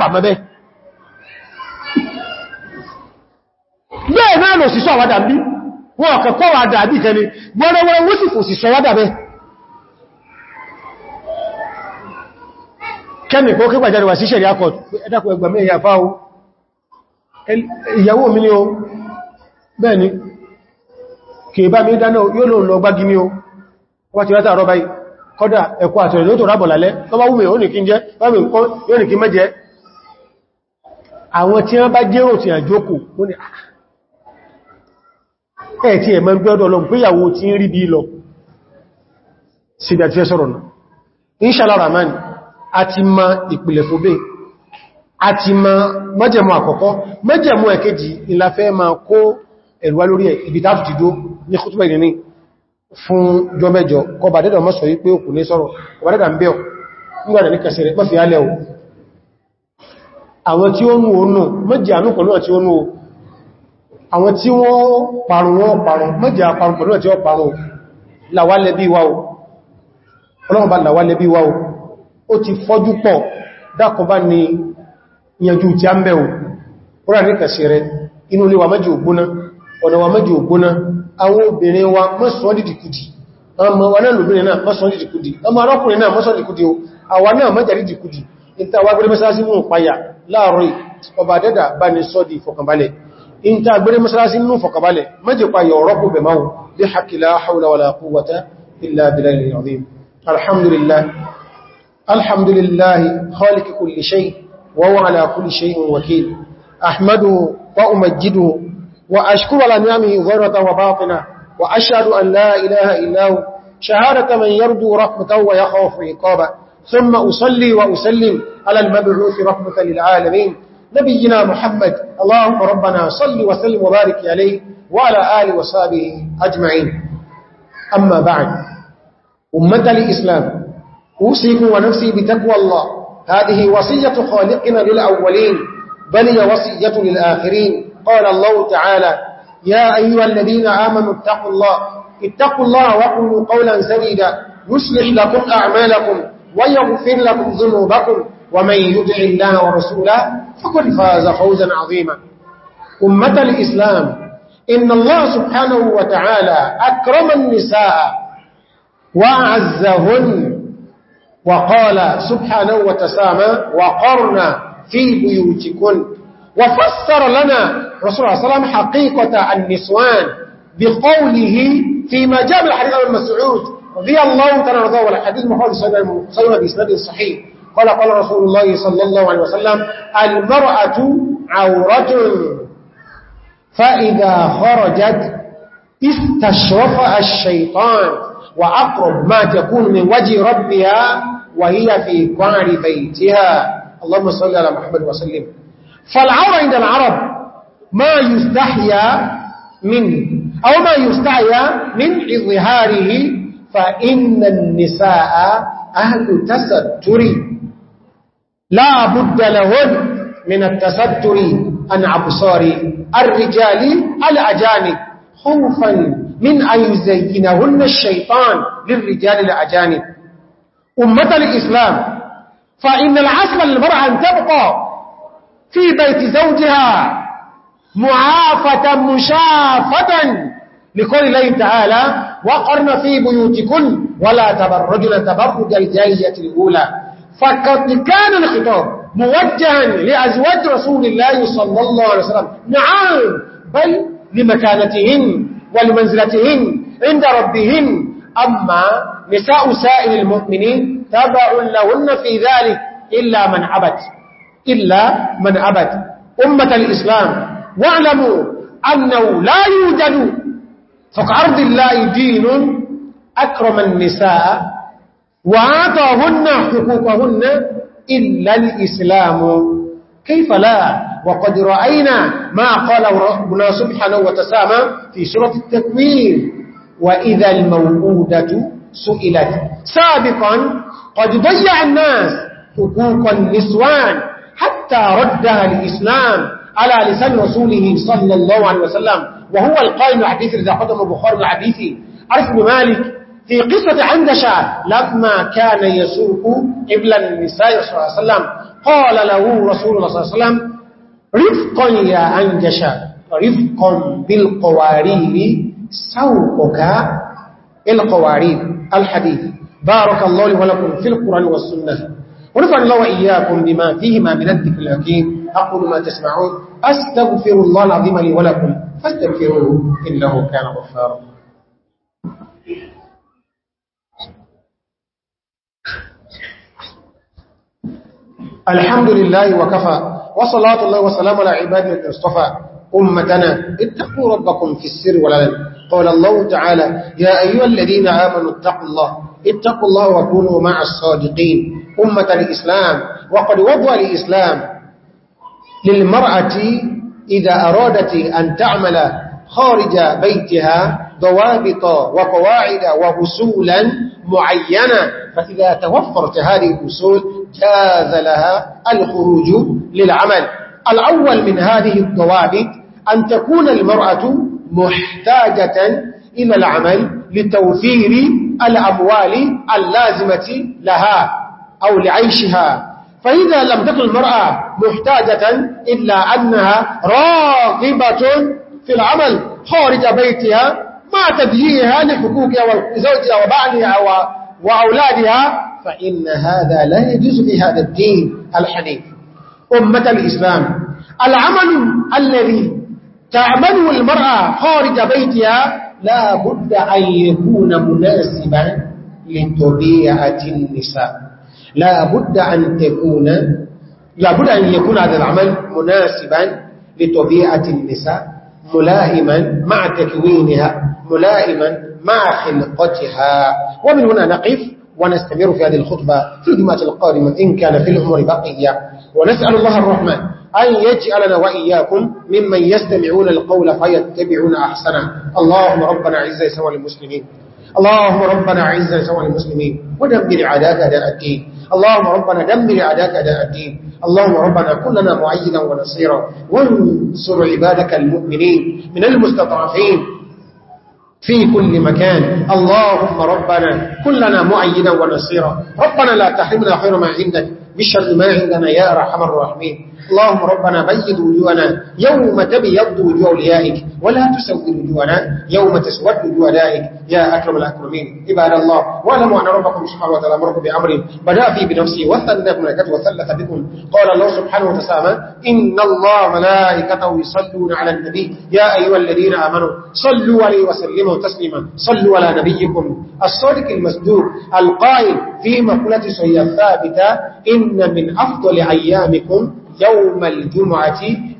wà máa bẹ́ẹ̀ náà lò sísọ àwádà bí wọn kẹ̀kọ́ wà dàbí kẹni gbọ́rọ̀wọ́rọ̀ wó sì fò sísọ wádà bẹ́ kẹ́mì kó kípa jáde wà sí ṣẹ̀rí akọ̀t ẹ̀dàkù ẹgbàmí ẹ̀yà ni o bẹ́ẹ̀ ni kì bá mi dáná yóò lò lọ gbági mi o wá ti látàrọ báyìí kọ́dà ẹ̀kọ́ àtẹ̀rẹ̀ ló tó rábọ̀ lálẹ́ àwọn tí wọ́n bá jẹ́rò tí àjókò ó ní ah, ẹ̀tí ẹ̀mọ́ gbẹ́ọ̀dọ̀ lọ péyàwó tí ń rí bí lọ sí ìdájí fẹ́ sọ́rọ̀ náà inṣàlá rahman àti ma ìpìlẹ̀ fòbé àti ma májẹ̀mú àkọ́kọ́ májẹ̀mú ẹ̀kejì ìlàfẹ́ ma kó ẹ̀rùwá lórí ẹ̀ ibi táàfù ti dó ní kútùbà ìrìnì àwọn tí wọ́n parun wọ́n parun mọ́jẹ́ àparun pẹ̀lú ẹ̀tí wọ́n parun làwálẹ́bí wa o ọlọ́run bá làwálẹ́bí wa o ó ti fọ́jú pọ̀ dákọ bá ní ìyànjú tí a ń bẹ̀ o rọ́ rí kàṣẹ rẹ inú ilé wa mẹ́jì ògbóná ọ̀nà wa mẹ́jì ògbóná àwọn obìnrin wa mọ́sàn dìdìkudì ọmọ wa náà lóbìnrin náà mọ́sàn dìdìkudì ọmọ arọ́kùnrin náà in ta gbere masarasi masalasi nínú fọkàbalẹ̀ mẹ́jẹ̀kwà yọ̀rọ̀kù bẹ̀ máa bí la haula wala quwwata illa billahi azim alhamdulillah alhamdulillah khaliq kulli shay wa huwa ala kulli shay'in wakeel ahmadu wa umajjidu wa ashkuru ala ni'amihi zahiratan wa batina wa ashhadu an la ilaha illa hu shahadatan man yarju rahmatahu wa yakhafu iqaba thumma usalli wa usallim ala al-mab'uth rahmatan lil alamin نبينا محمد اللهم ربنا صل وسلم وبارك عليه وعلى آل وصحبه أجمعين أما بعد أمة الإسلام أوصيكم ونفسي بتقوى الله هذه وصية خالقنا للأولين بل هي وصية للآخرين قال الله تعالى يا أيها الذين آمنوا اتقوا الله اتقوا الله وقولوا قولا سديدا يصلح لكم أعمالكم ويغفر لكم ذنوبكم ومن يدع الله ورسوله فقد فاز فوزا عظيما أمة الإسلام إن الله سبحانه وتعالى أكرم النساء وأعزهن وقال سبحانه وتسامى وقرنا في بيوتكن وفسر لنا رسول الله صلى الله عليه وسلم حقيقة النسوان بقوله فيما جاء الحديث عن المسعود رضي الله تعالى رضاه والحديث محاول صلى الله عليه وسلم بإسناد صحيح قال قال رسول الله صلى الله عليه وسلم المرأة عورة فإذا خرجت استشرف الشيطان وأقرب ما تكون من وجه ربها وهي في قعر بيتها اللهم صل على محمد وسلم فالعورة عند العرب ما يستحيا منه أو ما يستعيا من إظهاره فإن النساء أهل تستري لا بد لهن من التستر عن أبصار الرجال الأجانب خوفا من أن يزينهن الشيطان للرجال الأجانب أمة الإسلام فإن العسل للمرأة أن تبقى في بيت زوجها معافة مشافة لقول الله تعالى وقرن في بيوتكن ولا تبرجن تبرج الجاية الأولى فقد كان الخطاب موجها لأزواج رسول الله صلى الله عليه وسلم نعم بل لمكانتهن ولمنزلتهن عند ربهن أما نساء سائر المؤمنين تبع لهن في ذلك إلا من عبد إلا من عبد أمة الإسلام واعلموا أنه لا يوجد فوق أرض الله دين أكرم النساء وآتاهن حقوقهن إلا الإسلام كيف لا وقد رأينا ما قال ربنا سبحانه وتسامى في سورة التكوين وإذا الموؤودة سئلت سابقا قد ضيع الناس حقوق النسوان حتى ردها الإسلام على لسان رسوله صلى الله عليه وسلم وهو القائم الحديث الذي قدم بخار الحديث عرف مالك في قصة عندشاء لما كان يسوق إبلا النساء صلى الله عليه وسلم قال له رسول الله صلى الله عليه وسلم رفقا يا عندشاء رفقا بالقوارير سوقك القوارير الحديث بارك الله لي ولكم في القرآن والسنة ونفعل الله وإياكم بما فيهما من الذكر الحكيم أقول ما تسمعون أستغفر الله العظيم لي ولكم فاستغفروه إنه كان غفارا الحمد لله وكفى وصلاة الله وسلام على عباده المصطفى أمتنا اتقوا ربكم في السر والعلم قال الله تعالى يا أيها الذين آمنوا اتقوا الله اتقوا الله وكونوا مع الصادقين أمة الإسلام وقد وضع الإسلام للمرأة إذا أرادت أن تعمل خارج بيتها ضوابط وقواعد وأصولا معينة فإذا توفرت هذه الأصول جاز لها الخروج للعمل الأول من هذه الضوابط أن تكون المرأة محتاجة إلى العمل لتوفير الأموال اللازمة لها أو لعيشها فإذا لم تكن المرأة محتاجة إلا أنها راغبة في العمل خارج بيتها مع تدهيرها لحقوقها وزوجها وبعلها وأولادها فإن هذا لا يجوز في هذا الدين الحنيف أمة الإسلام العمل الذي تعمله المرأة خارج بيتها لا بد أن يكون مناسبا لطبيعة النساء لا بد أن تكون لا بد أن يكون هذا العمل مناسبا لطبيعة النساء ملائما مع تكوينها ملائما مع خلقتها ومن هنا نقف ونستمر في هذه الخطبة في الجمعة القادمة إن كان في العمر بقية ونسأل الله الرحمن أن يجعلنا وإياكم ممن يستمعون القول فيتبعون أحسنه اللهم ربنا عز سوى المسلمين اللهم ربنا عز سوى المسلمين ودمر عادات أداء الدين اللهم ربنا دمر عداك أداء الدين اللهم ربنا كلنا معينا ونصيرا وانصر عبادك المؤمنين من المستطرفين في كل مكان اللهم ربنا كلنا معينا ونصيرا ربنا لا تحرمنا خير ما عندك بشر ما عندنا يا أرحم الراحمين اللهم ربنا بيض وجوهنا يوم تبيض وجوه أوليائك ولا تسود وجوهنا يوم تسود وجوه أوليائك يا أكرم الأكرمين عباد الله واعلموا أن ربكم سبحانه وتعالى امرك بأمر بدأ فيه بنفسه وثلث بملكته وثلث بكم قال الله سبحانه وتعالى إن الله ملائكته يصلون على النبي يا أيها الذين آمنوا صلوا عليه وسلموا تسليما صلوا على نبيكم الصادق المصدوق القائل في مقولة صحية ثابتة إن إن من أفضل أيامكم يوم الجمعة